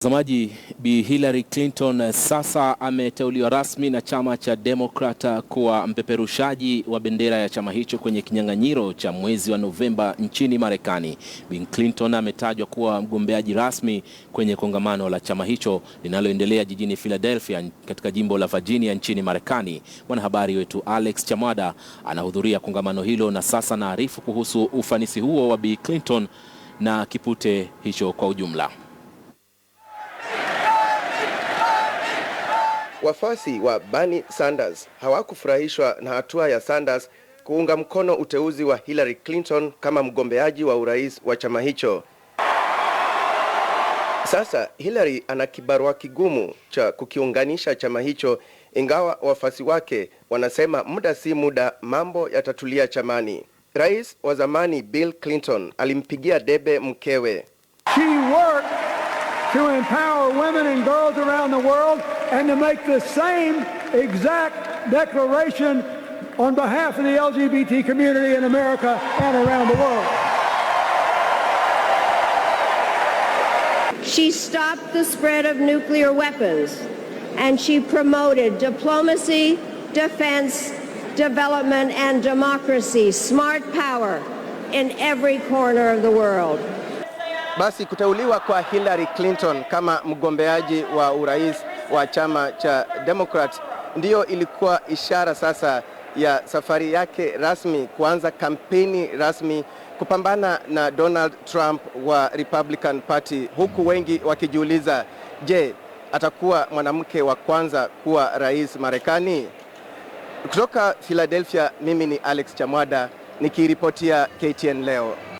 Mtazamaji, Bi Hillary Clinton sasa ameteuliwa rasmi na chama cha Demokrat kuwa mpeperushaji wa bendera ya chama hicho kwenye kinyang'anyiro cha mwezi wa Novemba nchini Marekani. Bi Clinton ametajwa kuwa mgombeaji rasmi kwenye kongamano la chama hicho linaloendelea jijini Philadelphia katika jimbo la Virginia nchini Marekani. Mwanahabari wetu Alex Chamwada anahudhuria kongamano hilo na sasa naarifu kuhusu ufanisi huo wa Bi Clinton na kipute hicho kwa ujumla. Wafuasi wa Bernie Sanders hawakufurahishwa na hatua ya Sanders kuunga mkono uteuzi wa Hillary Clinton kama mgombeaji wa urais wa chama hicho. Sasa Hillary ana kibarua kigumu cha kukiunganisha chama hicho, ingawa wafuasi wake wanasema muda si muda mambo yatatulia chamani. Rais wa zamani Bill Clinton alimpigia debe mkewe She worked. to empower women and girls around the world and to make the same exact declaration on behalf of the LGBT community in America and around the world. She stopped the spread of nuclear weapons and she promoted diplomacy, defense, development, and democracy, smart power in every corner of the world. Basi kuteuliwa kwa Hillary Clinton kama mgombeaji wa urais wa chama cha Democrat ndiyo ilikuwa ishara sasa ya safari yake rasmi kuanza kampeni rasmi kupambana na Donald Trump wa Republican Party, huku wengi wakijiuliza, je, atakuwa mwanamke wa kwanza kuwa rais Marekani? Kutoka Philadelphia, mimi ni Alex Chamwada nikiripotia KTN leo.